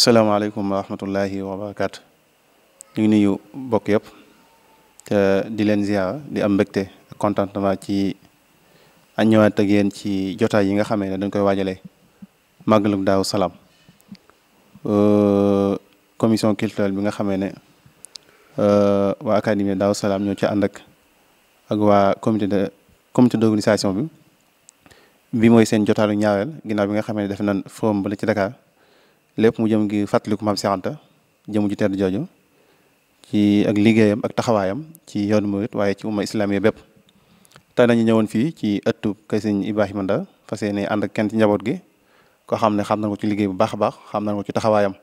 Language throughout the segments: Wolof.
salaamaaleykum wa rahmatullahi wa barakaatu ñu ngi nuyu bokk yëpp di leen ziara di am mbégte ak contentement ci a ñëwaat ak yéen ci jotaay yi nga xamee ne dañ koy waajalee màggalug daaw salaam euh, commission culturelle bi nga xamee ne euh, waa académie daaw salaam ñoo ci ànd ak waa comité de comité d'organisation bi bi mooy seen jotaalu ñaareel ginnaaw bi nga xamee ne def nañ forum ba la ci Dakar lépp mu jëm gi fàttaliku maam Seex Anta jëm ju tedd jooju ci ak liggéeyam ak taxawaayam ci yoonu murit waaye ci umma islaamiya bépp tey nañu ñëwoon fii ci ëttu kay sëñ Ibrahima Ndar fas yéene ànd ak kenn ci njaboot gi koo xam ne xam nañ ko ci liggéey bu baax a baax xam nañ ko ci taxawaayam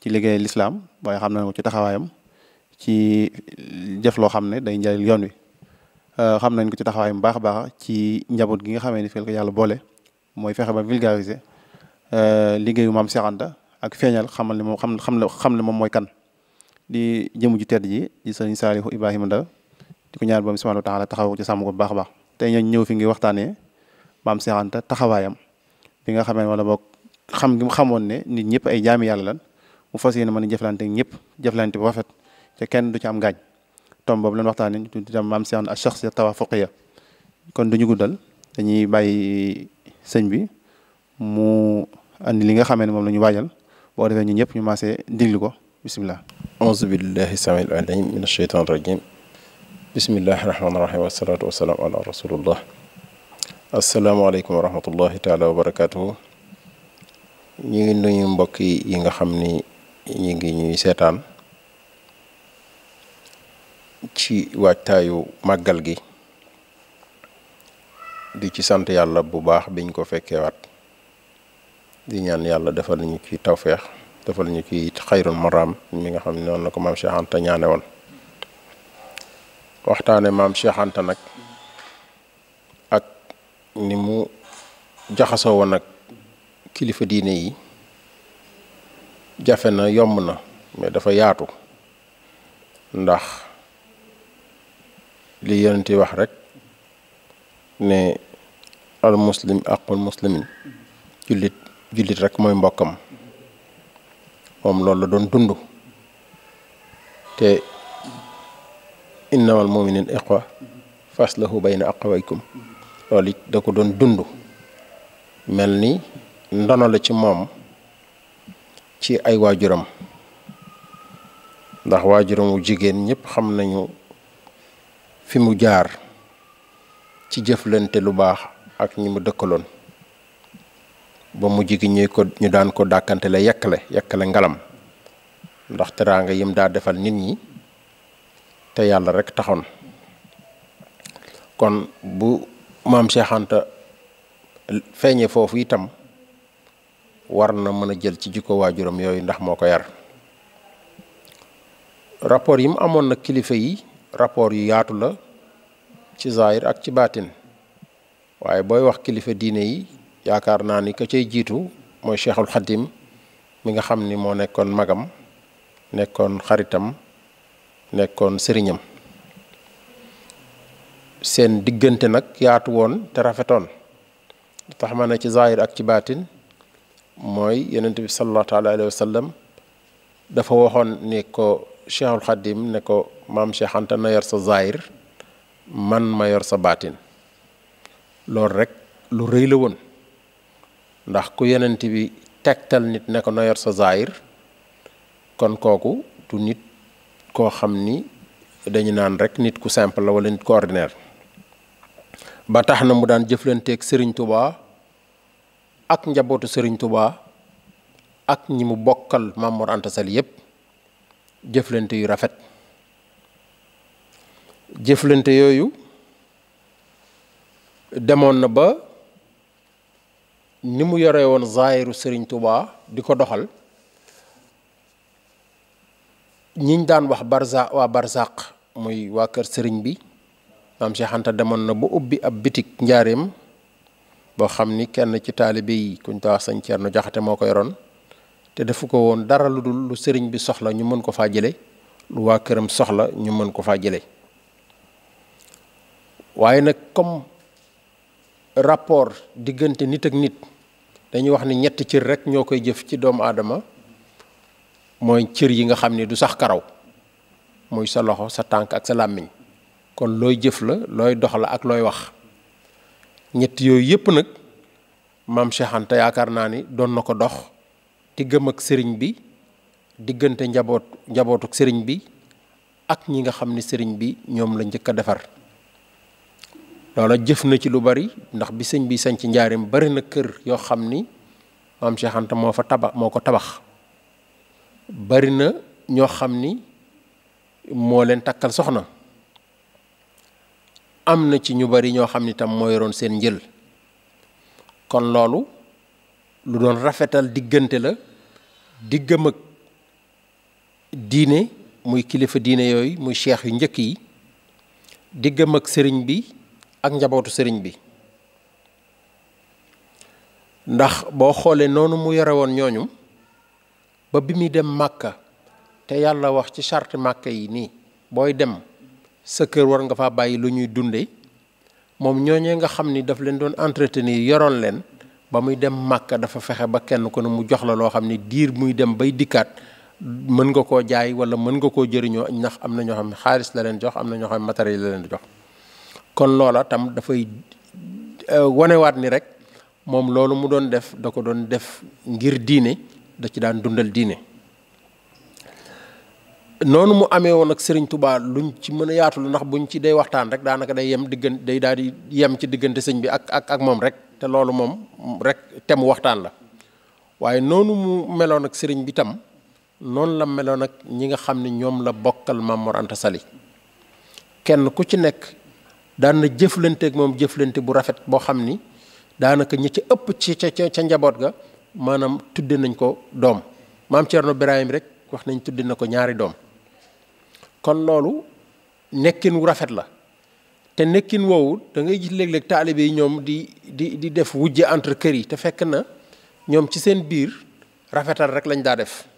ci liggéey lislaam waaye xam nañ ko ci taxawaayam ci jëf loo xam ne day njëriñ yoon wi euh, xam nañ ko ci taxawaayam bu baax a baax ci njaboot gi nga xamee ni fii yàlla boole mooy fexe ba vulgariser Euh, liggéeyu maam Cheikh ak feeñal xamal ne moom xam xam la xam ne moom mooy kan di jëmu ju tedd ji di sëriñ Saalihu Ibrahima Ndaw di ko ñaan boom subhaanahu wa taala taxaw ci sàmm bu baax baax tey ñoo ñëw fi ngi waxtaanee maam Cheikh taxawaayam bi nga xamee wala boog xam gi mu xamoon ne nit ñëpp ay jaami yàlla lan mu fas yéene mën a jëflante ñëpp jëflante bu rafet te kenn du ci am gaañ tom boobu lañ waxtaanee ñu tudd itam maam Cheikh Anta ash-shakhsiyya tawafuqiyya kon duñu guddal dañuy bay sëñ bi mu andi li nga xamee ne moom la ñu waajal boo defee ñu ñëpp ñu maasee diglu ko bisimilah auzu billahi samil alim min asheytan rajim bismillahi rahmaani rahim wasalaatu wasalaam ala rasulillah asalaamaaleykum wa rahmatullahi taala wa barakatuhu ñu ngi nuyu mbokk yi nga xam ni ñu ngi ñuy seetaan ci waajtaayu màggal gi di ci sant yàlla bu baax biñ ko fekkeewaat di ñaan yàlla defal ñu ci tawféex defal ñu ci xayrul maraam mi nga xam ne noonu la ko maam Cheikh ñaane woon waxtaane maam Cheikh Anta nag ak ni mu jaxasoo woon ak kilifa diine yi jafe na yomb na mais dafa yaatu ndax li yonent yi wax rek ne al muslim aqul muslimin jullit jullit rek mooy mbokkam moom loolu la doon dund te innamal mu'minina ikhwa faslahu bayna aqawaykum loolu it da ko doon dund mel ni ndono la ci moom ci ay waajuram ndax waajuram wu jigéen ñëpp xam nañu fi mu jaar ci jëflante lu baax ak ñi mu dëkkaloon ba mu gi ñuy ko ñu daan ko dàkkantele yekkale yekkale ngalam ndax teraanga yim daa defal nit ñi te yàlla rek taxoon kon bu maam Cheikh Anta feeñe foofu itam war na mën a jël ci jikko waajuram yooyu ndax moo ko yar rapport yi mu amoon na kilifa yi rapport yu yaatu la ci zaahir ak ci baatin waaye booy wax kilifa diine yi yaakaar naa ni ka cay jiitu mooy cheikhul xadim mi nga xam ni moo nekkoon magam nekkoon xaritam nekkoon sëriñam seen diggante nag yaatu woon te rafetoon tax ma ne ci zahir ak ci baatin mooy yenent bi sallallahu taala alayhi dafa waxoon ni ko cheikhul xadim ne ko maam cheikh na yor sa zahir man ma yor sa baatin loolu rek lu rëy la woon ndax ku yonent bi tegtal nit ne noyor sa zaayir kon kooku du nit koo xam ni dañu naan rek nit ku simple la wala nit ku ordinaire ba tax na mu daan jëflanteeg Serigne Touba ak njabootu Serigne Touba ak ñi mu bokkal Maam Mor yépp jëflante yu rafet jëflante yooyu demoon na ba ni mu yore woon zaayiru sëriñ Touba di ko doxal ñiñ daan wax barza waa barzaq muy waa kër sëriñ bi maam Cheikh demoon na bu ubbi ab bitik njaareem boo xam ni kenn ci taalibe yi kuñ taa sañ Ceerno Jaxate moo ko yoroon te defu ko woon dara lu dul lu sëriñ bi soxla ñu mën ko faa jële lu waa këram soxla ñu mën ko faa jële waaye nag comme rapport diggante nit ak nit dañuy wax ni ñetti cër rek ñoo koy jëf ci doomu aadama mooy cër yi nga xam ni du sax karaw muy sa loxo sa tànk ak sa làmmiñ kon looy jëf la looy dox la ak looy wax ñett yooyu yëpp nag maam Cheikh yaakaar naa ni doon na ko dox diggam ak sëriñ bi diggante njaboot njabootuk sëriñ bi ak ñi nga xam ni sëriñ bi ñoom la njëkk a defar loola jëf na ci lu bari ndax bi sëñ bi sañ ci njaarim bari na kër yoo xam ni maam Cheikh Anta moo fa tabax moo ko tabax bari na ñoo xam ni moo leen takkal soxna am na ci ñu bari ñoo xam ni tam moo yoroon seen njël kon loolu lu doon rafetal diggante la diggam ak diine muy kilifa diine yooyu muy cheikh yu njëkk yi diggam ak sëriñ bi ak njabootu sëriñ bi ndax boo xoolee noonu mu yore woon ñooñu ba bi muy dem màkka te yàlla wax ci chart màkka yi nii booy dem sa kër war nga faa bàyyi lu ñuy dunde moom ñoo ñooñee nga xam ni dafa leen doon entretenir yoroon leen ba muy dem màkka dafa fexe ba kenn ku ne mu jox la loo xam ni diir muy dem bay dikkaat mën nga koo jaay wala mën nga koo jëriñoo ndax am na ñoo xam ne xaalis la leen jox am na ñoo xam ne matériel la leen jox kon loola tam dafay euh, wanewaat ni rek moom loolu mu doon def da ko doon def ngir diine da ci daan dundal diine noonu mu amee woon ak Serigne Touba luñ ci mën a yaatulu ndax buñ ci day waxtaan rek daanaka day yem diggante day daal di yem ci diggante sëñ bi ak ak ak moom rek te loolu moom rek te mu waxtaan la waaye noonu mu meloon ak sëriñ bi tam noonu la meloon ak ñi nga xam ne ñoom la bokkal Maam Mor kenn ku ci nekk daan na jëflanteeg moom jëflante bu rafet boo xam ni daanaka ñi ci ëpp ci ca ca njaboot ga maanaam tudde nañ ko doom maam Thierno Birahim rek wax nañ tudde na ko ñaari doom kon loolu nekkin wu rafet la te nekkin woowu dangay ngay gis léeg-léeg taalibe ñoom di di di def wujje entre kër yi te fekk na ñoom ci seen biir rafetal rek lañ daa def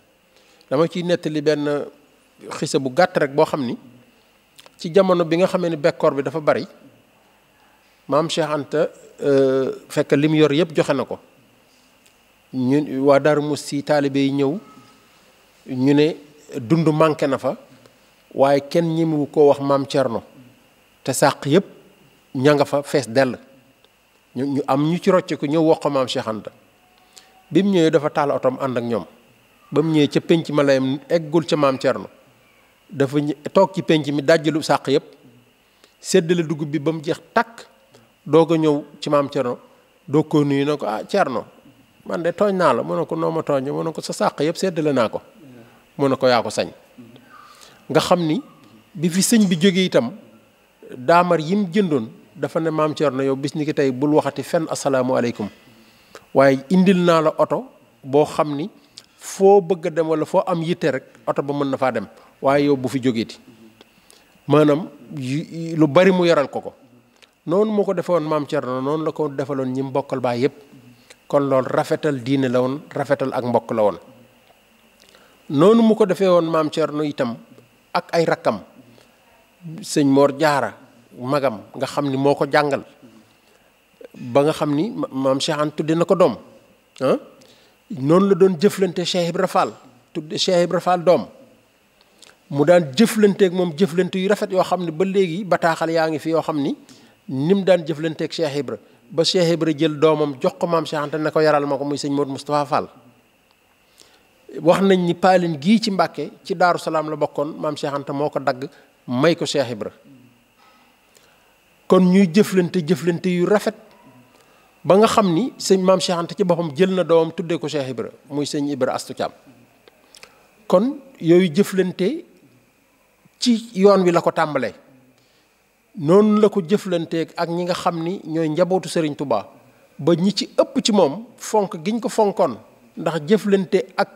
dama ciy nettali benn xisa bu gàtt rek boo xam ni ci jamono bi nga xamee ni bekkoor bi dafa bari maam Cheikh Anta euh, fekk li yor yëpp joxe na ko ñu waa Darou Mousty taalibe yi ñëw ñu ne dund manqué na fa waaye kenn ñemewu koo wax maam Thierno te sàq yëpp ña nga fa fees dell ñu ñu am ñu ci rocceeku ñëw wax ko maam Cheikh bi mu ñëwee dafa taal otom ànd ak ñoom ba mu ñëwee ca penc ma layam eggul ca maam Thierno dafa toog ci pénc mi dajjalu sàq yëpp séddale dugub bi ba mu jeex takk doog a ñëw ci maam cero doo ko nuyu na ko ah Cerno man de tooñ naa la mën ne ko noo ma tooñee mu ne ko sa sàq yëpp séddale naa ko mu ne ko yaa ko sañ nga xam ni bi fi sëñ bi jógee itam daamar yim jëndoon dafa ne maam Cerno yow bis ni ki tey bul waxati fenn asalaamualeykum waaye indil naa la oto boo xam ni foo bëgg a dem wala foo am yitte rek oto ba mën na faa dem waaye yow bu fi ti maanaam lu bari mu yoral ko ko noonu moo ko defoon maam Thierno noonu la ko defaloon ñi mbokkal baay yépp kon lool rafetal diine la woon rafetal ak mbokk la woon noonu mu ko defee woon maam Thierno itam ak ay rakkam sëñ Mor Jaara magam nga xam ni moo ko jàngal ba nga xam ni maam tudde na ko doom ah noonu la doon jëflante Cheikh Ibra Fall tudde Cheikh Ibra doom mu daan jëflanteeg moom jëflante yu rafet yoo xam ne ba léegi bataaxal yaa ngi fi yoo xam ni ni mu daan jëflanteeg Cheikh Ibra ba Cheikh Ibra jël doomam jox ko maam Cheikh ne ko yaral ma ko muy sëñ Modou Moustapha Fall. wax nañ ni paalin gii ci Mbàkke ci Daaru Salaam la bokkoon maam Cheikh Anta moo ko dagg may ko Cheikh Ibra kon ñuy jëflante jëflante yu rafet ba nga xam ni sëñ maam Cheikh ci boppam jël na doomam tuddee ko Cheikh Ibra muy sëñ Ibra Astou Thiam kon yooyu jëflante. ci yoon wi la ko tàmbalee noonu la ko jëflanteeg ak ñi nga xam ni ñooy njabootu sëriñ Touba ba ñi ci ëpp ci moom fonk giñ ko fonkoon ndax jëflante ak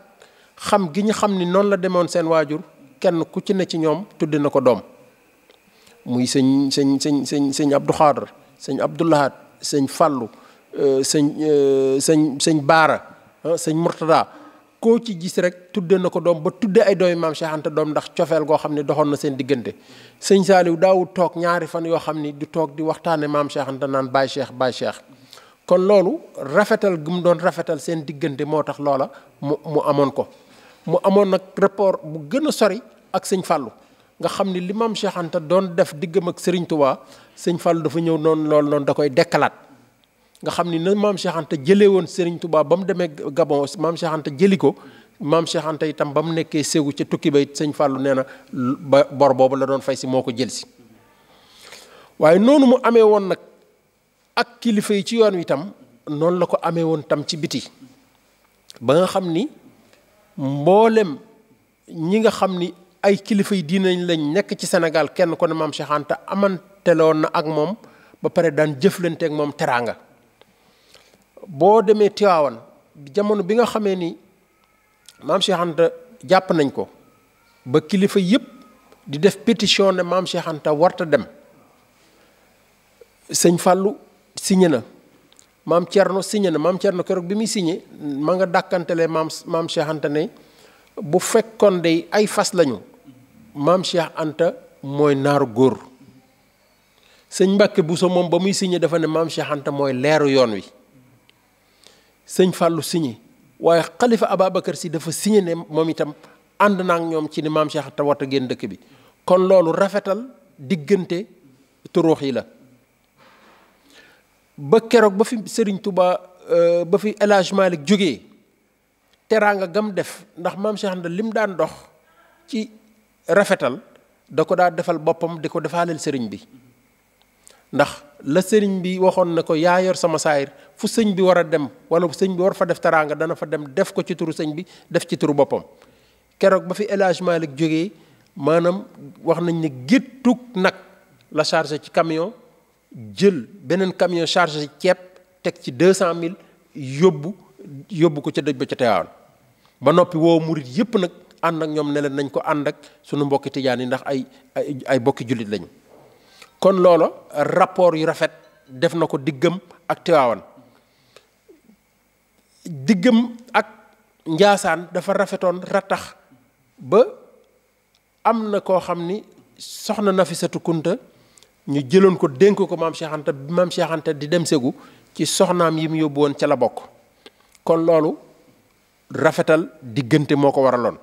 xam gi ñu xam ni noonu la demoon seen waajur kenn ku ci ne ci ñoom tudd na ko doom muy sëñ sëñ sëñ sëñ sëñ Abdou Khadr sëñ Abdou Lahad sëñ Fallou euh, sëñ euh, sëñ sëñ Baara sëñ Murtada koo ci gis rek tudde na ko doom ba tudde ay doomi maam Cheikh Anta doom ndax cofeel goo xam ne doxoon na seen diggante sëñ Saliou daawu toog ñaari fan yoo xam ni du toog di waxtaane maam Cheikh Anta naan Baye Cheikh Baye Cheikh kon loolu rafetal gu mu doon rafetal seen diggante moo tax loola mu mu amoon ko mu amoon nag rapport bu gën a sori ak sëñ Fallou nga xam ni li maam Cheikh doon def diggam ak Serigne Touba sëñ Fallou dafa ñëw noonu loolu noonu da koy dekkalaat nga xam ni na maam Cheikh Anta jëlee woon Serigne tubaab ba mu demee Gabon maam Cheikh Anta jëli ko maam Cheikh itam ba mu nekkee Ségou ca tukki ba it sëñ Fallou nee na ba bor boobu la doon fay si moo ko jël si. waaye noonu mu amee woon nag ak kilifa yi ci yoon wi itam noonu la ko amee woon tam ci biti ba nga xam ni mboolem ñi nga xam ni ay kilifa yi diinañ lañ nekk ci senegal kenn ko ne maam Cheikh Anta amanteloon na ak moom ba pare daan jëflante ak moom teraanga. boo demee Tiwaawan jamono bi nga xamee ni maam Cheikh jàpp nañ ko ba kilifa yëpp di def petition ne maam Cheikh warta dem sëñ Fallou signé na maam Thierno signé na maam Thierno keroog bi muy signé ma nga dàkkantele maam maam Cheikh ne bu fekkoon de ay fas lañu maam Cheikh Anta mooy naaru góor sëñ Mbàkke Bousso moom ba muy signé dafa ne maam Cheikh mooy leeru yoon wi. sëñ fàllu signé waaye xalifa Ababacar si dafa signé ne moom itam ànd naa ak ñoom ci ni maam Cheikh Anta war a génn dëkk bi kon loolu rafetal diggante turuux yi la. ba keroog ba fi Serigne Touba euh, ba fi El Hadj jóge jógee teraanga gam def ndax maam Cheikh Anta lim daan dox ci rafetal da ko daa defal boppam di ko defaaleel sëriñ bi. ndax la sëriñ bi waxoon na ko yaa yor sama saayir fu sëñ bi war a dem wala sëñ bi war fa def teraanga dana fa dem def ko ci turu sëñ bi def ci turu boppam keroog ba fi El Hadj jóge jógee maanaam wax nañ ne géttug nag la chargé ci camion jël beneen camion chargé ci ceeb teg ci 200000 yóbbu yóbbu ko ca dëj ba ca teewaan ba noppi woo murit yëpp nag ànd ak ñoom ne leen nañ ko ànd ak sunu mbokki tijaan yi ndax ay ay ay bokki jullit lañu. kon loolu rapport yu rafet def na ko diggam ak Tiwaawan diggam ak Njaasaan dafa rafetoon rattax ba am na koo xam ni soxna na Nafisatu Kunta ñu jëloon ko dénk ko maam Cheikh Anta maam di dem segu ci soxnaam yi mu yóbbu woon ca la bokk kon loolu rafetal diggante moo ko waraloon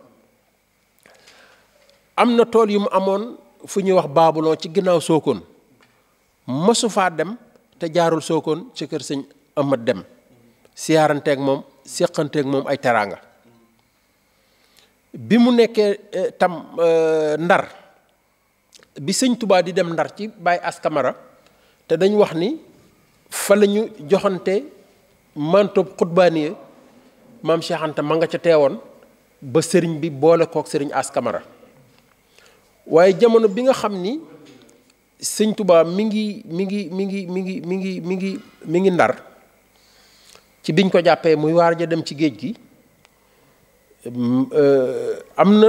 am na tool yu mu amoon fu ñuy wax baabuloo ci ginnaaw sookoon mësu faa dem te jaarul Sokone ci kër sëñ ama dem siyaaranteeg moom séqanteeg moom ay teraanga bi mu nekkee eh, tam eh, ndar bi sëñ Touba di dem ndar ci Baye Askamara te dañ wax ni fa la ñu joxante mantob xutbaaniye maam Cheikh ma nga ca teewoon ba sëriñ bi boole kook sëriñ Askamara waaye jamono bi nga xam ni sëñ Touba mi ngi mi ngi mi ngi mi ngi mi ngi mi ngi mi ndar ci biñ ko jàppee muy waar ja dem ci géej gi euh, am na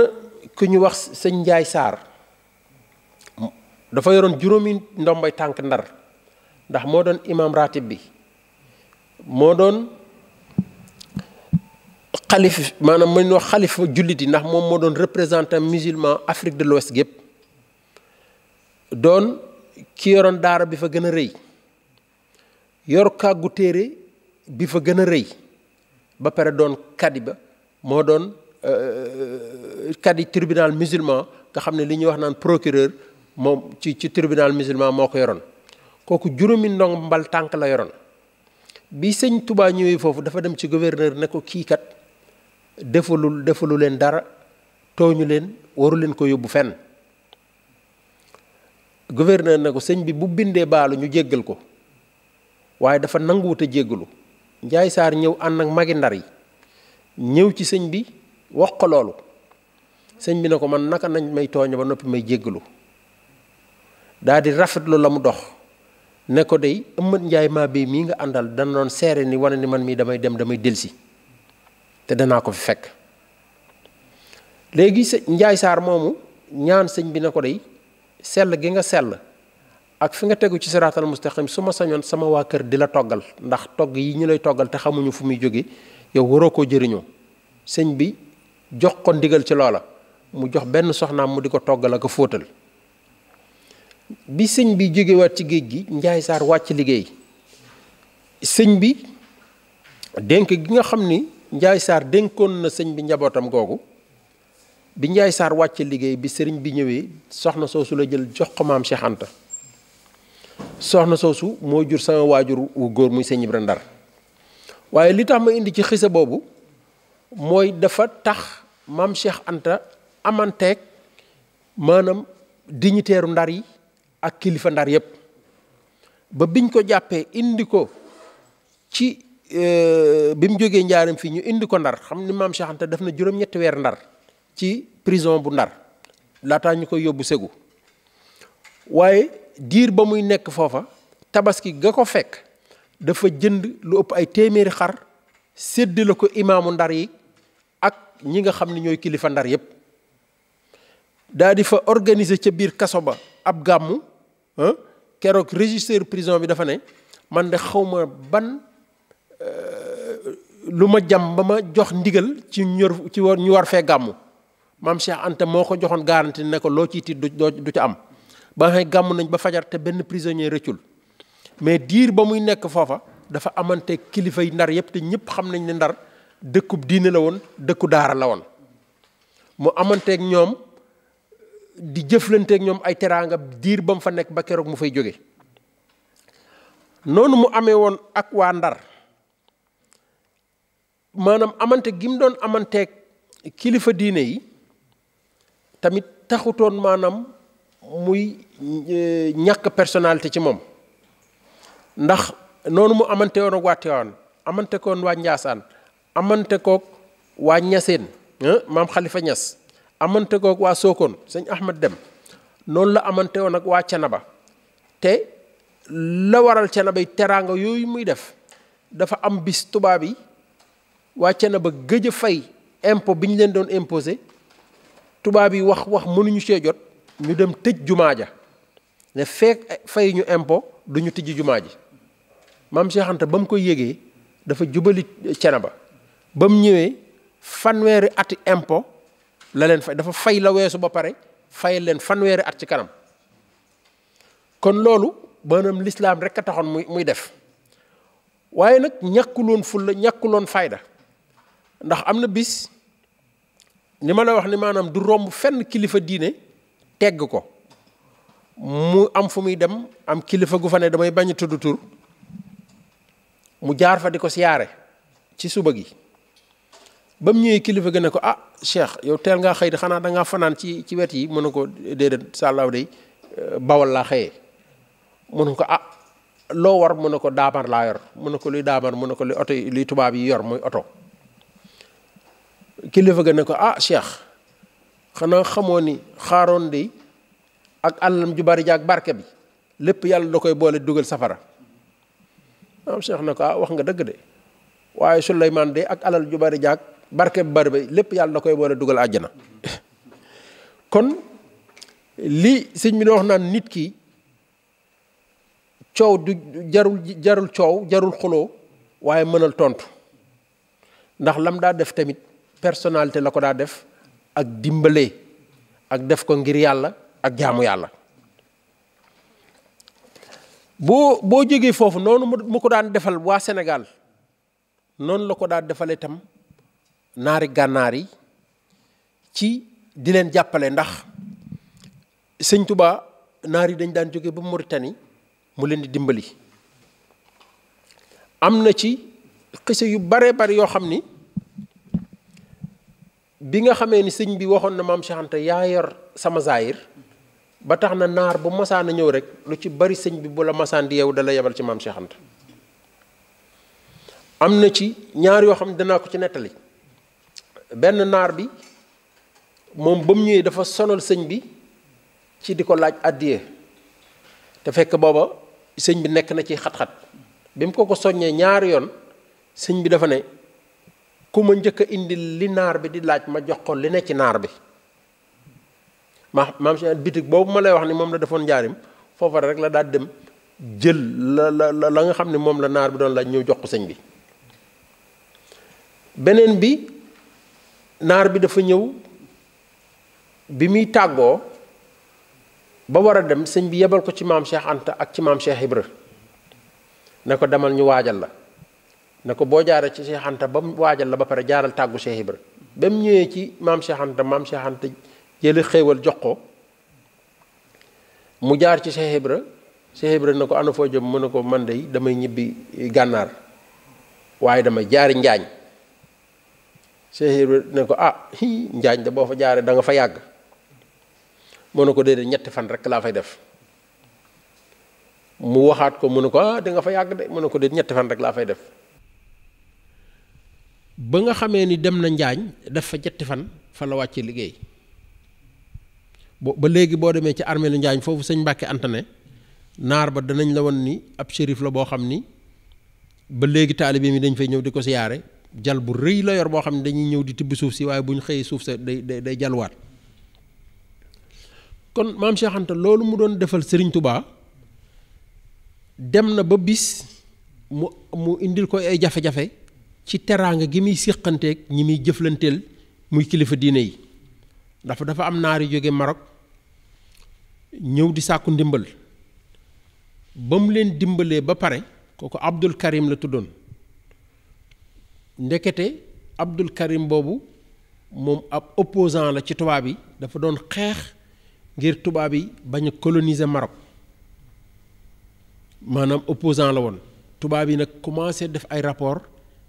ku ñu wax sëñ Njaay Saar dafa yoroon juróomi ndombay tànk ndar ndax moo doon imam ratib bi moo doon xalif maanaam mën wax xalif jullit yi ndax moom moo doon représentant musulman Afrique de l'Ouest gépp doon ki yoroon daara bi fa gën a rëy yor kàggu téere bi fa gën a rëy ba pare doon kadi ba moo doon euh, kadi tribunal musulman nga xam ne li ñuy wax naan procureur moom ci ci tribunal musulman moo ko yoroon kooku juróomi ndong mbal tànk la yoroon bi sëñ tubaa ñëwee foofu dafa dem ci gouverneur ne ko kii kat defalul defalu leen dara tooñu leen waru leen ko yóbbu fenn gouverneur na ko sëñ bi bu bindee baalu ñu jéggal ko waaye dafa nanguwut a jéggalu njaay saar ñëw ànd ak magi ndar yi ñëw ci sëñ bi wax ko loolu sëñ bi ne ko man naka nañ may tooñ ba noppi may jéggalu daa di rafetlu la mu dox ne ko dey ëmmat njaay maa bi mii nga àndal dana doon seere ni wane ni man mii damay dem damay delsi te danaa ko fi fekk léegi së njaay saar moomu ñaan sëñ bi ne ko dey sell gi nga sell ak fi nga tegu ci siraatal mustaqim su ma sañoon sama waa kër di la toggal ndax togg yi ñu lay toggal te xamuñu fu muy jóge yow waroo koo jëriñoo sëñ bi jox ko ndigal ci loola mu jox benn soxnaam mu di ko toggal ak a fóotal bi sëñ bi jógewaat ci géej gi njaay saar wàcc liggéey sëñ bi dénk gi nga xam ni njaay saar dénkoon na sëñ bi njabootam googu bi Ndiaye saar wàcce liggéey bi sëriñ bi ñëwee soxna soosu la jël jox ko maam Cheikh soxna soosu moo jur sama waajur wu góor muy sëñ Ibra Ndar waaye li tax ma indi ci xisa boobu mooy dafa tax maam Cheikh Anta amanteeg maanaam dignitaire ndar yi ak kilifa ndar yépp ba biñ ko jàppee indi ko ci euh, bi mu jógee njaaram fi ñu indi ko ndar xam ni maam Cheikh def na juróom-ñetti weer ndar ci prison bu ndar laataa ñu koy yóbbu Ségou waaye diir ba muy nekk foofa tabaski ga ko fekk dafa jënd lu ëpp ay téeméeri xar sédd la ko imaamu ndar yi ak ñi nga xam ne ñooy kilifa ndar yépp daa fa organiser ca biir kaso ba ab gàmmu keroog régisseur prison bi dafa ne man de xawma ban euh, lu ma jam ba ma jox ndigal ci ñor ci war ñu war fee gàmmu maam Cheikh Anta moo ko joxoon garanti ne ko loo ciy tiit du ca am ba nga gàmm nañ ba fajar te benn prisonnier rëccul mais diir ba muy nekk foofa dafa amante kilifa yi ndar yëpp te ñëpp xam nañ ne ndar dëkkub diine la woon dëkku daara la woon mu amanteeg ñoom di jëflanteek ñoom ay teraanga diir ba mu fa nekk ba keroog mu fay jóge noonu mu amee woon ak waa ndar maanaam amante gi mu doon amanteeg kilifa diine yi tamit taxutoon maanaam muy e, ñàkk personnalité ci moom ndax noonu mu amante woon ak waa Tiwaawan amante koon waa Njaasaan amante koog waa Ñaseen e, maam Xalifa Ñas amante koog waa Sookoon sëñ Ahmad Dem noonu la amante woon ak waa Canaba te la waral Canaba yi teraanga yooyu muy def dafa am bis tubaab yi waa Canaba gëj a fay impôt bi ñu leen doon imposé tubaab yi wax wax mënuñu see jot ñu dem tëj jumaa ja ne feek fay ñu impôt du jumaa ji maam Cheikh Anta ba mu koy yéegee dafa jubali Cenaba ba mu ñëwee fanweeri ati impôt la leen fay dafa fay la weesu ba pare fayal leen fanweeri at ci kanam kon loolu maanaam lislaam rek a taxoon muy muy def waaye nag ñàkkuloon fulla ñàkkuloon fayda ndax am na bis li ma la wax ni maanaam du romb fenn kilifa diine tegg ko mu am fu muy dem am kilifa gu fa ne damay bañ a tudd tur mu jaar fa di ko siyaare ci suba gi ba mu ñëwee kilifa gën ne ko ah cheikh yow teel ngaa xëy di xanaa da fanaan ci ci wet yi mën na ko déedéet sàllaaw day euh, bawal laa xëyee mën na ko ah loo war mën na ko daamar laa yor mën na ko luy daamar mun na ko luy oto luy tubaab yi yor muy oto kilifa ga ne ko ah cheikh xanaa xamoo ni xaaroon de ak àllam ju bari jaag barke bi lépp yàlla da koy boole dugal safara am cheikh na ko ah wax nga dëgg de waaye Souleymane de ak alal ju bari jaag barke bi bari ba lépp yàlla da koy boole dugal àjjana kon lii sëñ bi wax naan nit ki coow du jarul jarul coow jarul xuloo waaye mënal tontu ndax lam daa def tamit personnalité la ko daa def ak dimbalee ak def ko ngir yàlla ak jaamu yàlla boo boo jógee foofu noonu mu ko daan defal waa Sénégal noonu la ko daan defalee tam naari gànnaar yi ci di leen jàppale ndax sëñ Touba naar dañ daan jóge ba mu Mauritanie mu leen di dimbali am na ci xise yu bare bari yoo xam ni bi nga xamee ni sëñ bi waxoon na maam Cheikh yaa yor sama zaayir ba tax na naar bu masaan a ñëw rek lu ci bari sëñ bi bu la masaan di yow dala yebal ci maam Cheikh Anta am na ci ñaar yoo xam ne danaa ko ci nettali benn naar bi moom ba ñëwee dafa sonal sëñ bi ci di ko laaj àddiye te fekk booba sëñ bi nekk na ci xat-xat bi ko ko ñaari yoon sëñ bi dafa ne ku ma njëkk a indil li naar bi di laaj ma jox ko li ne ci naar bi ma maam si bitig boobu ma lay wax ni moom la defoon njaarim foofa rek la daal dem jël la la la nga xam ne moom la naar bi doon laaj ñëw jox ko bi beneen bi naar bi dafa ñëw bi muy tàggoo ba war a dem sëñ bi yebal ko ci maam Cheikh Anta ak ci maam Cheikh Ibra ne ko demal ñu waajal la ne ko boo jaaree ci Cheikh ba mu waajal la ba pare jaaral tàggu Cheikh ba mu ñëwee ci maam Cheikh Anta maam Cheikh Anta jëli xéewal jox ko mu jaar ci Cheikh Ibra Cheikh na ko ana foo jëm mu ne ko man de damay ñibbi gànnaar waaye damay jaari njaañ Cheikh Ibra ko ah hi njaañ da boo fa jaaree da nga fa yàgg mu ne ko de ñetti fan rek laa fay def mu waxaat ko mu ne ko ah di fa yàgg de mu ne ko déedéet ñetti fan rek laa fay def ba nga xamee ni dem na njaañ def fa jetti fan fa la wàcce liggéey bo ba léegi boo demee ci armée lu njaañ foofu sëñ Mbàkke Anta naar ba danañ la won ni ab shérif la boo xam ni ba léegi taalibe mi dañ fay ñëw di ko siyaare jal bu rëy la yor boo xam ne dañuy ñëw di tibb suuf si waaye bu ñu xëyee suuf sa day day day jalwaat kon maam Cheikh loolu mu doon defal Serigne Touba dem na ba bis mu mu indil ko ay jafe-jafe ci teraanga gi muy séqanteeg ñi muy jëflanteel muy kilifa diine yi dafa dafa am naari jóge marok ñëw di sàkku ndimbal ba mu leen dimbalee ba pare kooku Abdul Karim la tuddoon ndekete Abdul Karim boobu moom ab opposant la ci tubaab yi dafa doon xeex ngir tubaab yi bañ a coloniser Maroc maanaam opposant la woon tubaab yi nag commencé def ay rapport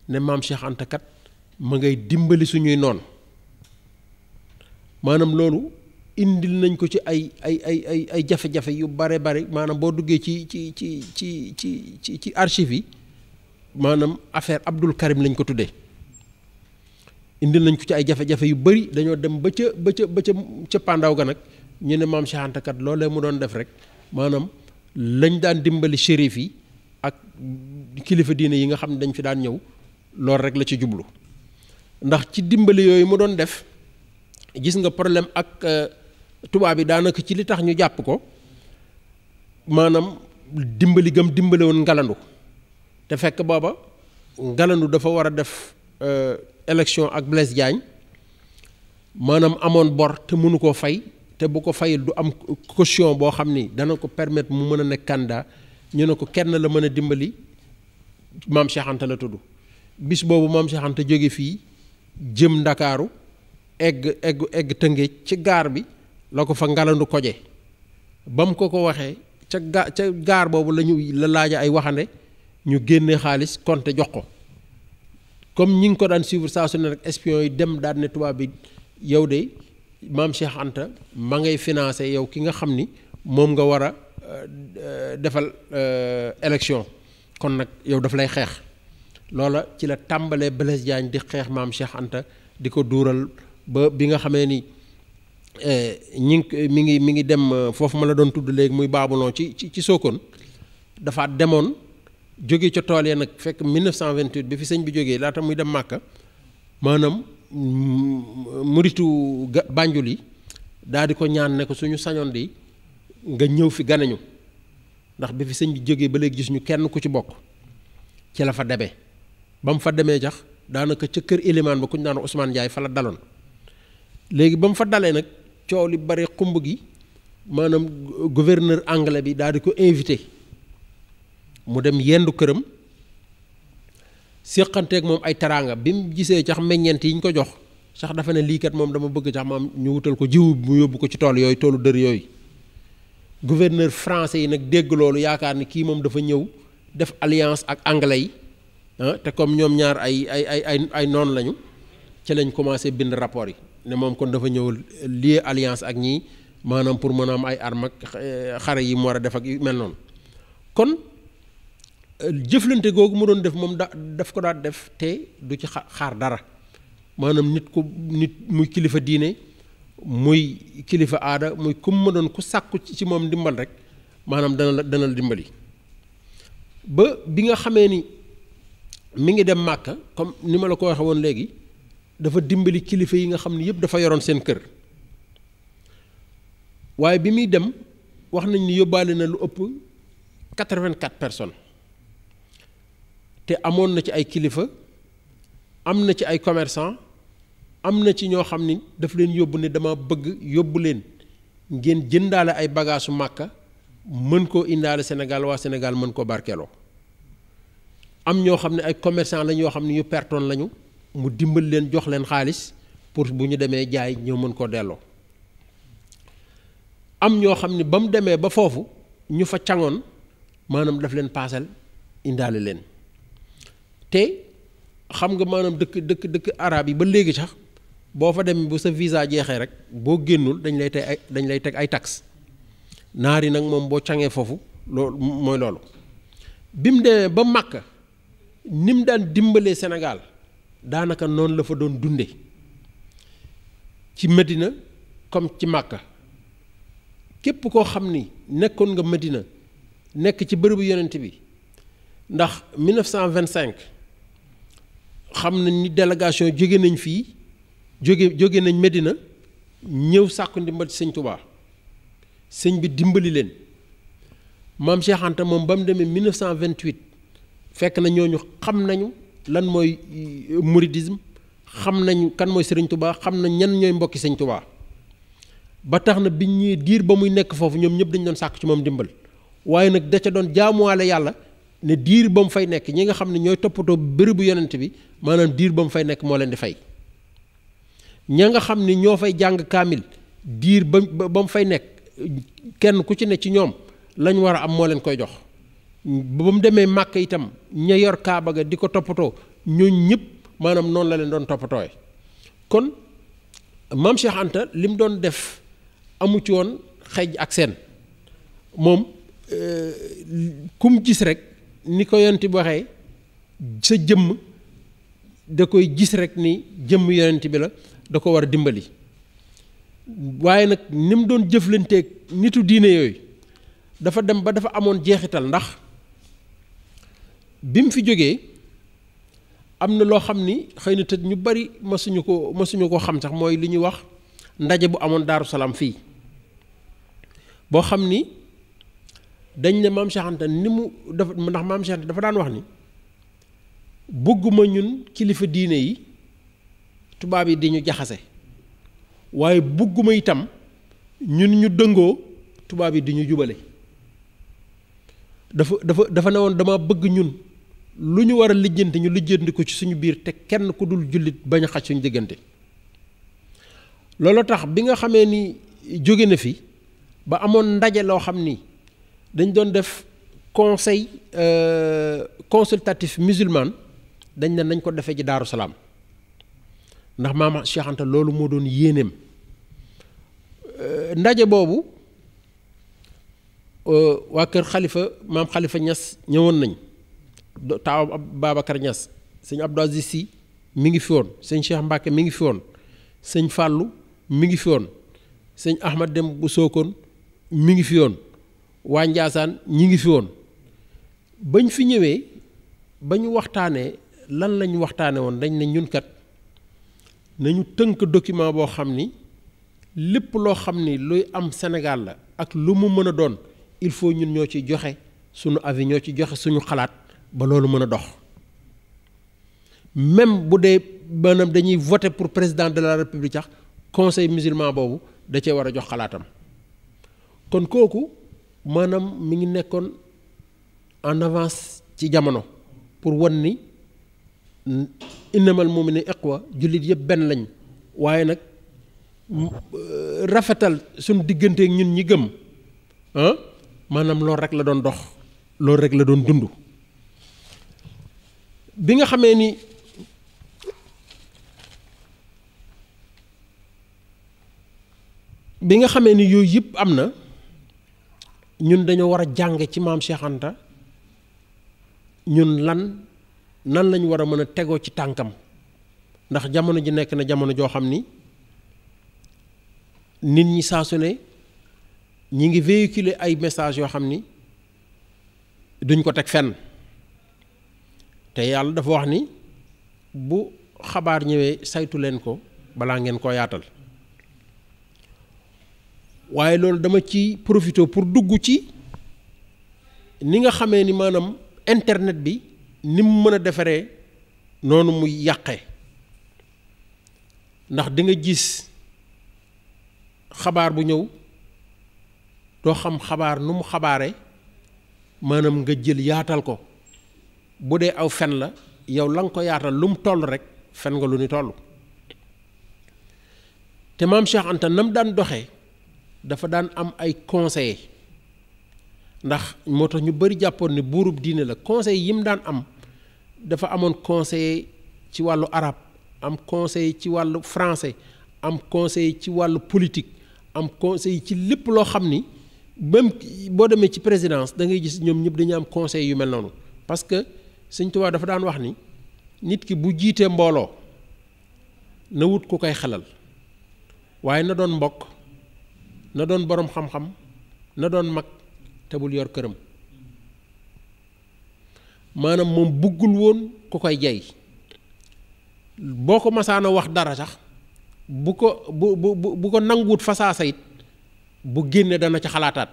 ne maam Cheikh Anta kat ngay dimbali suñuy noon maanaam loolu indil nañ ko ci ay ay ay ay ay jafe-jafe yu bare bare maanaam boo duggee ci ci ci ci ci ci ci archive yi maanaam affaire Abdul Karim lañ ko tuddee indi nañ ko ci ay jafe-jafe yu bari dañoo dem ba ca ba ca ba ca pàndaaw ga nag ñu ne maam Cheikh Anta kat loolee mu doon def rek maanaam lañ daan dimbali shérif yi ak kilifa diine yi nga xam ne dañ fi daan ñëw loolu rek la ci jublu ndax ci dimbali yooyu mu doon def gis nga problème ak euh, tubaab yi daanaka ci li tax ñu jàpp ko maanaam dimbali gam dimbali woon ngalandu te fekk booba ngalandu dafa war a def euh, élection ak Blaise Diagne maanaam amoon bor te mënu koo fay te bu ko fayil du am caution boo xam ni dana ko permettre mu mën a nekk candidat ñu ne ko kenn la mën a dimbali maam Cheikh la tudd bis boobu maam Cheikh jóge fii jëm ndakaaru egg egg egg tëngéej ci gaar bi la ko fa ngalandu koje ba mu ko ko waxee ca ga ca gaar boobu lañu la laaja ay waxande ñu génne xaalis konte jox ko comme ñi ngi ko daan suivre saa su ne rek espion yi dem daan ne tubaab bi yow de maam Cheikh ma ngay financé yow ki nga xam ni moom nga war a euh, euh, defal euh, élection kon nag yow daf lay xeex loola ci la tàmbalee Blaise Diagne di xeex maam Cheikh Anta di ko duural ba bi nga xamee ni eh, ñi ngi mi ngi mi ngi dem eh, foofu ma la doon tudd léegi muy Babulon ci ci ci dafa demoon jóge ca tool ya nag fekk 1928 bi fi sëñ bi jógee laata muy dem Màkka maanaam mm, muritu Banjul yi daal di ko ñaan ne ko suñu sañoon di nga ñëw fi ganañu ndax bi fi sëñ bi jógee ba léegi gis kenn ku ci bokk ci la fa debe ba mu fa demee jax daanaka ca kër ilimaan ba ku ñu naan Ousmane Ndiaye fa la daloon léegi ba mu fa dalee nag coow li bari xumb gi maanaam gouverneur anglais bi daal di ko invité mu dem yendu këram séqanteeg moom ay teraanga bi mu gisee cax meññeent yi ñu ko jox sax dafa ne lii kat moom dama bëgg cax maam ñu wutal ko jiwu mu yóbbu ko ci tool yooyu toolu dër yooyu gouverneur français yi nag dégg loolu yaakaar ni kii moom dafa ñëw def alliance ak anglais yi Ah, te comme ñoom ñaar ay ay ay ay ay noonu lañu ci lañ commencé bind rapport yi ne moom kon dafa ñëw lié alliance ak ñii maanaam pour mën a am ay armes ak eh, xare yi mu war a def ak yu mel noonu kon euh, jëflante googu mu doon def moom da daf ko daan def te du ci xaar dara maanaam nit ku nit muy kilifa diine muy kilifa aada muy kum ma doon ku sàkku ci moom ndimbal rek maanaam dana la dana dimbali ba bi nga xamee ni. mi ngi dem màkka comme ni ma la ko waxee woon léegi dafa dimbali kilifa yi nga xam ne yëpp dafa yoroon seen kër waaye bi muy dem wax nañ ni yóbbaale na lu ëpp quatre-vingt-quatre personnes te amoon na ci ay kilifa am na ci ay commerçant am na ci ñoo xam ni daf leen yóbbu ne dama bëgg yóbbu leen ngeen jëndaale ay bagaasu màkka mën koo indaale Sénégal waa Sénégal mën koo barkeeloo am ñoo xam ne ay commerçant lañ yoo xam ne ñu pertoon lañu mu dimbal leen jox leen xaalis pour bu ñu demee jaay ñoo mën koo delloo am ñoo xam ne ba mu demee ba foofu ñu fa cangoon maanaam daf leen paasal indaale leen te xam nga maanaam dëkk dëkk dëkk araab yi ba léegi sax boo fa demee bu sa visa jeexee rek boo génnul dañ lay teg ay dañ lay teg ay taxes naar yi nag moom boo cangee foofu loolu mooy loolu bi mu demee ba màkk ni mu daan dimbalee Sénégal daanaka noonu la fa doon dunde ci Medina comme ci Màkka képp koo xam ni nekkoon nga Medina nekk ci bërëbu yonent bi ndax 1925 xam nañ ni délégation jóge nañ fii jóge jóge nañ Medina ñëw sàkku ndimbal ci sëñ Touba sëñ bi dimbali leen maam Cheikh Anta moom ba mu demee 1928. fekk na ñooñu xam nañu lan mooy euh, mouridisme xam nañu kan mooy sëriñ tubaa xam nañ ñan ñooy mbokki sëriñ tubaa ba tax na bi ñuy diir ba muy nekk foofu ñoom ñëpp dañu doon sàkk ci moom dimbal waaye nag da ca doon jaamuwaale yàlla ne diir ba mu fay nekk ñi nga xam ne ñooy toppatoo bérébu yonent bi maanaam diir ba mu fay nekk moo leen di fay ña nga xam ni ñoo fay jàng kaamil diir ba ba mu fay nekk kenn ku ci ne ci ñoom lañ war a am moo leen koy jox ba mu demee màkk itam ña yor kaaba ga di ko toppatoo ñooñ ñëpp maanaam noonu la leen doon toppatooy kon maam Cheikh Anta li mu doon def amu ci woon xej ak seen moom euh, ku mu gis rek ni ko yonent bi waxee sa jëmm da koy jis rek ni jëmm yonent bi la da ko war a dimbali waaye nag ni mu doon jëflanteeg nitu diine yooyu dafa dem ba dafa amoon jeexital ndax bi mu fi jógee am na loo xam ni xëy na tët ñu bari masuñu ko masuñu ko xam sax mooy li ñuy wax ndaje bu amoon Daaru Salaam fii boo xam ni dañ ne maam Cheikh ni mu dafa ndax maam Cheikh dafa daan wax ni bëgguma ñun kilifa diine yi tubaab yi di ñu jaxase waaye bëgguma itam ñun ñu dëngoo tubaab yi di ñu jubale dafa dafa dafa ne woon dama bëgg ñun lu ñu war a lijjanti ñu lijjanti ko ci suñu biir te kenn ku dul jullit bañ a xaj suñu diggante loolu tax bi nga xamee ni jóge na fi ba amoon ndaje loo xam ni dañ doon def conseil euh, consultatif musulman dañ ne nañ ko defee ci Daaru Salaam ndax maama Cheikh Anta loolu moo doon yéeneem euh, ndaje boobu euh, waa kër xalifa maam xalifa ñas ñëwoon nañ taawam ab Babacar Niass sëñ ab Aziz Sy mi ngi fi woon sëñ Cheikh Mbacke mi ngi fi woon sëñ Fallou mi ngi fi woon sëñ Ahmad Dem bu Sokone mi ngi fi woon waa Ndiassane ñi ngi fi woon bañ fi ñëwee ba ñu waxtaanee lan lañ waxtaane woon dañ ne ñun kat nañu tënk document boo xam ni lépp loo xam ni luy am Sénégal la ak lu mu mën a doon il faut ñun ñoo ci joxe sunu avis ñoo ci joxe suñu xalaat ba loolu mën a dox même bu dee maanaam dañuy voté pour président de la république sax conseil musulman boobu da cee war a jox xalaatam kon kooku maanaam mi ngi nekkoon en avance ci jamono pour wan ni ne mu'minu iqwa jullit yëpp benn lañ waaye nag euh, rafetal suñ digganteek ñun ñi gëm ah maanaam loolu rek la doon dox loolu rek la doon dund bi nga xamee ni bi nga xamee ni yooyu yëpp am na ñun dañoo war a jàng ci maam Cheikh ñun lan nan lañu war a mën a tegoo ci tànkam ndax jamono ji nekk na jamono joo xam ni nit ñi saasu ne ñi ngi véhiculer ay message yoo xam ni duñ ko teg fenn te yàlla dafa wax ni bu xabaar ñëwee saytu leen ko balaa ngeen koo yaatal waaye loolu dama ci profité pour dugg ci ni nga xamee ni maanaam internet bi ni mu mën a defaree noonu muy yàqe ndax dinga nga gis xabaar bu ñëw doo xam xabaar nu mu xabaare maanaam nga jël yaatal ko bu dee aw fen la yow la nga ko yaatal lu mu toll rek fen nga lu ni toll te maam Cheikh Anta nam daan doxee dafa daan am ay conseil ndax moo tax ñu bari jàppoon ne buurub diine la conseil yi mu daan am dafa amoon conseil ci wàllu arab am conseil ci wàllu français am conseil ci wàllu politique am conseil ci lépp loo xam ni même boo demee ci présidence da ngay gis ñoom ñëpp dañu am conseil yu mel noonu parce sëñ Tuubaa dafa daan wax ni nit ki bu jiitee mbooloo na wut ku koy xelal waaye na doon mbokk na doon boroom xam-xam na doon mag te bul yor këram maanaam moom buggul woon ku koy jay boo ko masaana wax dara sax bu ko bu bu bu ko nanguwut fasaasa it bu génne dana ca xalaataat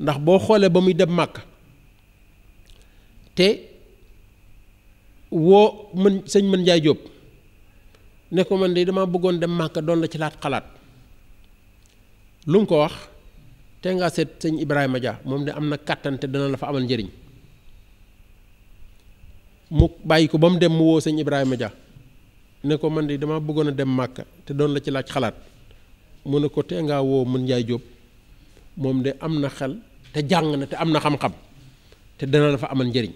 ndax boo xoolee ba muy dem màkk te woo mën sëñ mën njaay jóob ne ko man de damaa bëggoon dem màkka doon la ci laat xalaat lu mu ko wax te ngaa seet sëñ ibrahima dia moom de am na kàttan te dana la fa amal njariñ mu bàyyi ko ba mu dem mu woo sëñ ibrahima ja ne ko man de damaa bëggoon a dem màkka te doon la ci laaj xalaat mu ne ko te ngaa woo mën njaay jóob moom de am na xel te jàng na te am na xam-xam te dana la fa amal njëriñ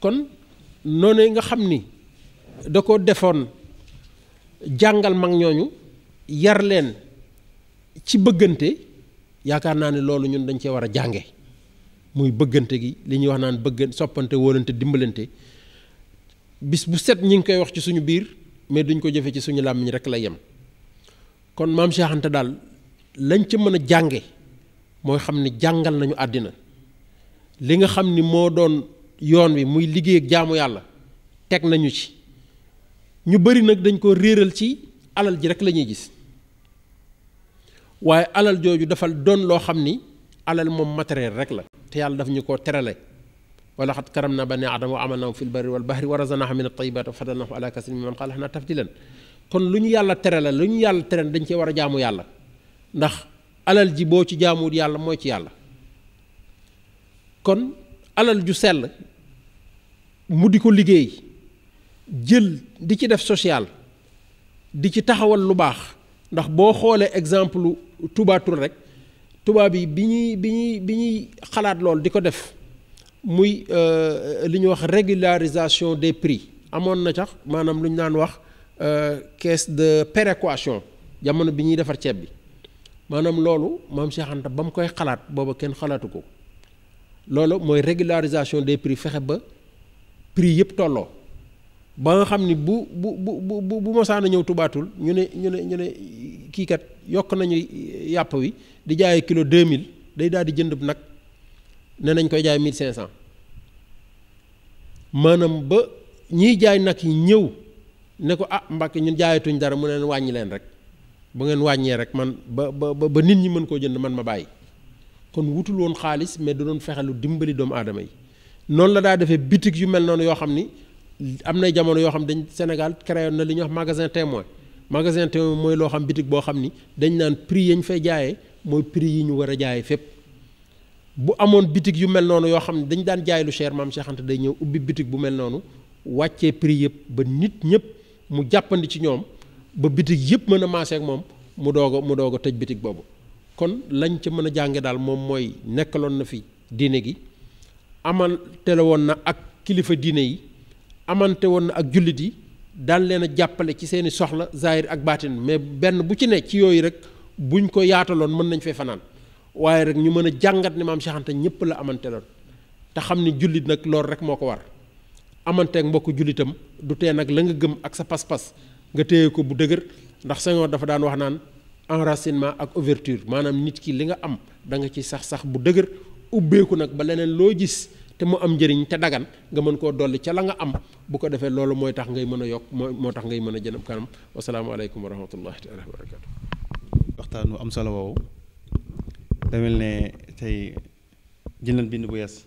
kon noonu nga xam ni da ko defoon jàngal mag ñooñu yar leen ci bëggante yaakaar naa ne loolu ñun dañ cee war a jànge muy bëggante gi li ñuy wax naan bëggante soppante wóolante dimbalante bis bu set ñi ngi koy wax ci suñu biir mais duñ ko jofe ci suñu làmmiñ rek la yem kon maam Cheikh Anta daal lañ ci mën a jànge mooy xam ni jàngal nañu àddina li nga xam ni moo doon yoon wi muy liggéey ak jaamu yàlla teg nañu ci ñu bari nag dañ koo réeral ci alal ji rek la ñuy gis waaye alal jooju defal doon loo xam ni alal moom matériel rek la te yàlla daf ñu ko terale wala xat karam ba ne aadama wa amal naam fi lbarri wal bahri wa razanaahu min atayibat wa fadalnahu ala kasir mi man qaala xanaa tafdilan kon lu ñu yàlla terale lu ñu yàlla terale dañ cee war a jaamu yàlla ndax alal ji boo ci jaamuwul yàlla mooy ci yàlla alal ju sell mu di ko liggéey jël di ci def social di ci taxawal lu baax ndax boo xoolee exemple Touba Touré rek tubaab yi bi ñuy bi ñuy bi ñuy xalaat lool di ko def muy euh, li ñuy wax régularisation des prix amoon na sax maanaam lu ñu naan wax euh, caisse de péréquation jamono bi ñuy defar ceeb bi maanaam loolu moom Cheikh ba mu koy xalaat booba kenn xalaatu ko loolu mooy régularisation des prix fexe ba prix yëpp tolloo ba nga xam ni bu bu bu bu bu ñëw tubaatul ñu ne ñu ne ñu ne kii kat yokk nañu yàpp wi di jaayee kilo 2000 day daal di jënd nag ne nañ koy jaay cent maanaam ba ñiy jaay nag yi ñëw ne ko ah Mbàkke ñu jaayatuñ dara mu neen wàññi leen rek bu ngeen wàññee rek man ba ba ba nit ñi mën koo jënd man ma bàyyi. kon wutul woon xaalis mais da doon fexe lu dimbali doomu aadama yi noonu la daa defee bitig yu mel noonu yoo xam ni am na jamono yoo xam dañ Sénégal créé na li ñu wax magasin témoin magasin mooy loo xam bitig boo xam ni dañ naan prix yañ fay jaayee mooy prix yi ñu war a jaaye fépp bu amoon bitig yu mel noonu yoo xam ne dañ daan jaay lu cher maam seexante day ñëw ubbi bitig bu mel noonu wàccee prix yëpp ba nit ñëpp mu jàppandi ci ñoom ba bitig yëpp mën a maase ak moom mu doog mu doog a tëj bitig boobu kon lañ ca mën a jànge daal moom mooy nekkaloon na fi diine gi amal tele woon na ak kilifa diine yi amante woon na ak jullit yi daan leen jàppale ci seeni soxla zahir ak baatin mais benn bu ci ne ci yooyu rek buñ ko yaataloon mën nañ fee fanaan waaye rek ñu mën a jàngat ni maam Cheikh Anta ñëpp la amante te xam ni jullit nag loolu rek moo ko war amanteeg mbokk jullitam du tee nag la nga gëm ak sa pas-pas nga téye ko bu dëgër ndax Senghor dafa daan wax naan enracinement ak ouverture maanaam nit ki li nga am da nga ci sax sax bu dëgër ubbeeku nag ba leneen loo gis te mu am njëriñ te dagan nga mën koo dolli ca la nga am bu ko defee loolu mooy tax ngay mën a yokk mooy moo tax ngay mën a jënam kanam wasalaamaaleykum wa rahmatullahi taala wa barakatu waxtaan am solo woowu demel ne tey jël nañ bind bu yees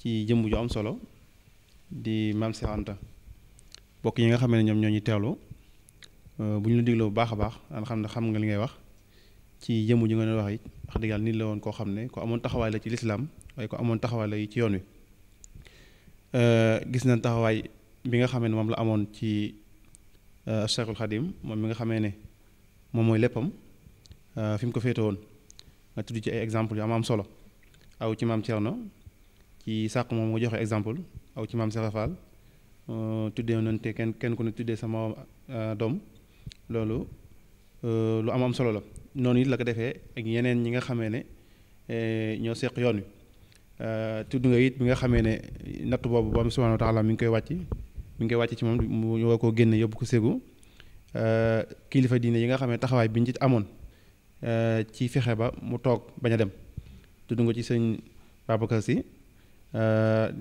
ci jëmm ju am solo di maam Seex Anta bokk yi nga xam ne ñoom ñoo ñu Euh, bu ñu la dégloo bu baax a baax daan xam ne xam nga li ngay wax ci jëmm ji nga doon wax it wax dëgg nit la woon koo xam ne ko amoon taxawaay la ci lislaam waaye ko amoon taxawaay la ci yoon wi euh, gis nañ taxawaay bi nga xamee ne moom la amoon ci euh, Cheikhul moom mi nga xamee ne moom mooy léppam fi mu ko féete woon nga tudd ci ay exemple yu am am solo aw ci maam Thierno ci sàq moom nga joxe exemple aw ci maam Serafal tuddee nañ te kenn kenn ku ne tuddee sama doom loolu euh, lu am am solo la noonu it la ko defee ak yeneen ñi nga xamee ne euh, ñoo seq yoon wi euh, tudd nga it bi nga xamee ne natt boobu borom subhaanahu wa taala mi ngi koy wàcc mi ngi koy wàcc ci moom mu war koo génne yóbbu ko ségu kilifa diine yi nga xam ne taxawaay bi ñu ci amoon ci fexe ba mu toog bañ a dem tudd nga ci sëñ Babacar Si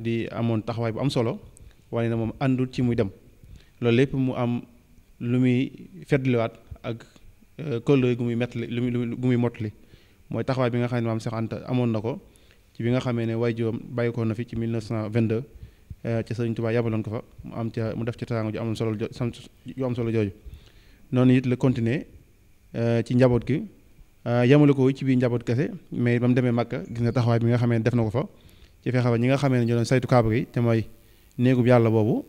di amoon taxawaay bu am solo waaye ne moom àndul ci muy dem loolu lépp mu am lu muy feddliwaat ak euh, këllooy gu muy mettali lu mu muy gu muy mottali mooy taxawaay bi nga xam ne maam Cheikh amoon na ko ci bi nga xamee ne waajuram bàyyi ko na fi ci 1922 ci Sëriñ Tuubaa yabaloon ko fa mu am ca mu def ci teraanga ju am solo ju am solo jooju noonu it la continuer euh, ci njaboot gi euh, yamalu ko ci biir njaboot kese mais ba mu demee Màkka gis nga taxawaay bi nga xamee ne def na ko fa ci fexe ba ñi nga xamee ne ñoo doon saytu kaabu gi te mooy néegub yàlla boobu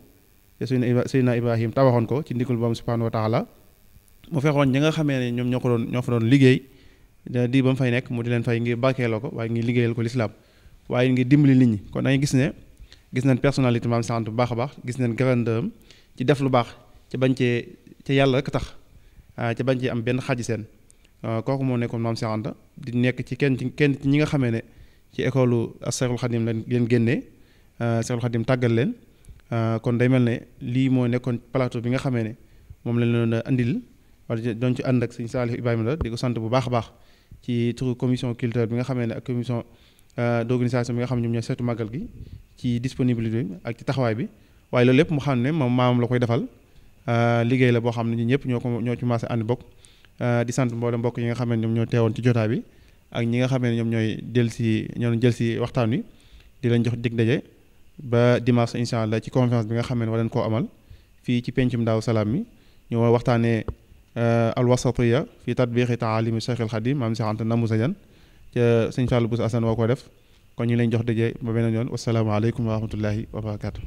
te Seydina Ibrahim tabaxoon ko ci ndigal boom subhaanahu wa taala mu fexoon ñi nga xamee ne ñoom ñoo ko doon ñoo fa doon liggéey di ba mu fay nekk mu di leen fay ngir barkeeloo ko waaye ngir liggéeyal ko lislaam waaye ngir dimbali nit ñi kon da gis ne gis nañ personnalité maam sant bu baax baax gis nañ grandeur ci def lu baax ci bañ cee ca yàlla rek tax ah, ci bañ ci am benn xaji seen ah, kooku moo nekkoon maam Seexanta di nekk ci kenn ci kenn ñi nga xamee ne ci école Seexul Xadim lañ leen génnee Seexul ah, Xadim tàggal leen Euh, kon day mel ne lii moo nekkoon plateau bi nga xamee ne moom lañ leen a andil wala doon ci ànd ak sëñ Salif Ibrahima la di ko sant bu baax a baax ci turu commission culture bi nga xamee ne ak commission euh, d'organisation bi nga xam ne ñoom ñoo seetu màggal gi ci disponibilité ak ci taxawaay bi waaye loolu lépp mu xam ne moom maamam la koy defal euh, liggéey la boo xam ne ñun ñëpp ñoo ko ñoo ci maase ànd bokk di sant mboolem mbokk yi nga xam ne ñoom ñoo teewoon ci jotaay bi ak ñi nga xam ne ñoom ñooy dellu si ñoom jël si waxtaan wi di leen jox dig daje. ba dimanche incha allah ci conférence bi nga xam ne war leen koo amal fii ci pencum Daaru Salaam mi ñu war waxtaanee euh, alwasatiya fi tatbiqi taalimi Cheikh al Xadim maam Cheikh Anta namu sa jan ca sëñ Fallou Bousso assen woo ko def kon ñu lañ jox dëjee ba beneen yoon wasalaamaaleykum wa rahmatullahi wa barakaatu.